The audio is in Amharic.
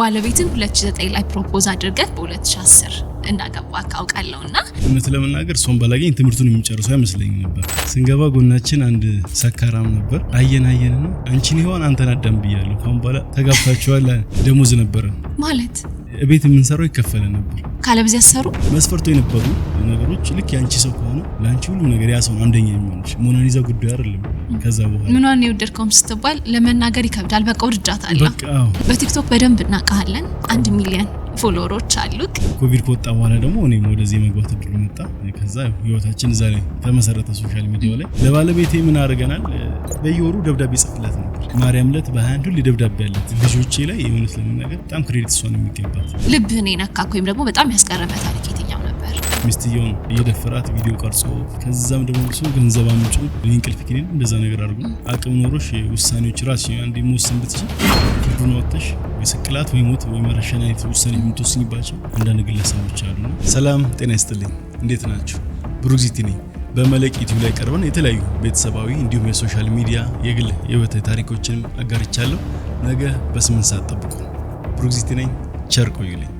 ባለቤትን 2009 ላይ ፕሮፖዝ አድርገን በ2010 እንዳገባ ካውቃለሁ እና እውነት ለመናገር እሷን ባላገኝ ትምህርቱን የሚጨርሱ አይመስለኝ ነበር። ስንገባ ጎናችን አንድ ሰካራም ነበር። አየን አየን ነው አንቺን ይሆን አንተን አዳም ብያለሁ። ካሁን በኋላ ተጋብታችኋል። ደሞዝ ነበረ ማለት ቤት የምንሰራው ይከፈለ ነበር። ካለብዚያ ሰሩ መስፈርቶ የነበሩ ነገሮች ልክ የአንቺ ሰው ከሆነ ለአንቺ ሁሉ ነገር ያ ሰው አንደኛ የሚሆንሽ ሞናሊዛ ጉዳይ አይደለም። ከዛ በኋላ ምኗን የወደድከውም ስትባል ለመናገር ይከብዳል። በቃ ውድጃት አለ። በቲክቶክ በደንብ እናቀሃለን። አንድ ሚሊዮን ፎሎወሮች አሉት። ኮቪድ ከወጣ በኋላ ደግሞ እኔም ወደዚህ የመግባት እድሉ መጣ። ከዛ ህይወታችን እዛ ላይ ተመሰረተ። ሶሻል ሚዲያው ላይ ለባለቤቴ ምን አድርገናል? በየወሩ ደብዳቤ ጽፍላት ነበር። ማርያም ለት በ21 ደብዳቤ ያለት ልጆቼ ላይ የሆነት ለመናገር በጣም ክሬዲት እሷን የሚገባት ልብህን የነካክ ወይም ደግሞ በጣም ያስቀረበ ታሪክ የትኛው ነበር? ሚስትየውን እየደፈራት ቪዲዮ ቀርጾ ከዛም ደግሞ ብሶ ገንዘብ አምጪ እንቅልፍ ኪኔን እንደዛ ነገር አድርጎ አቅም ኖሮሽ ውሳኔዎች ራስሽ አንዴ መወሰን ብትችል ከቡድን ወጥተሽ የስቅላት ወይ ሞት ወይ መረሸናየት ውሳኔ የምትወስኝባቸው አንዳንድ ግለሰቦች አሉ። ሰላም ጤና ይስጥልኝ። እንዴት ናችሁ? ብሩክዚቲ ነኝ። በመልሕቅ ዩቲዩብ ላይ ቀርበን የተለያዩ ቤተሰባዊ እንዲሁም የሶሻል ሚዲያ የግል የህይወት ታሪኮችን አጋርቻለሁ። ነገ በስምንት ሰዓት ጠብቁ። ብሩክዚቲ ነኝ። ቸር ቆዩልኝ።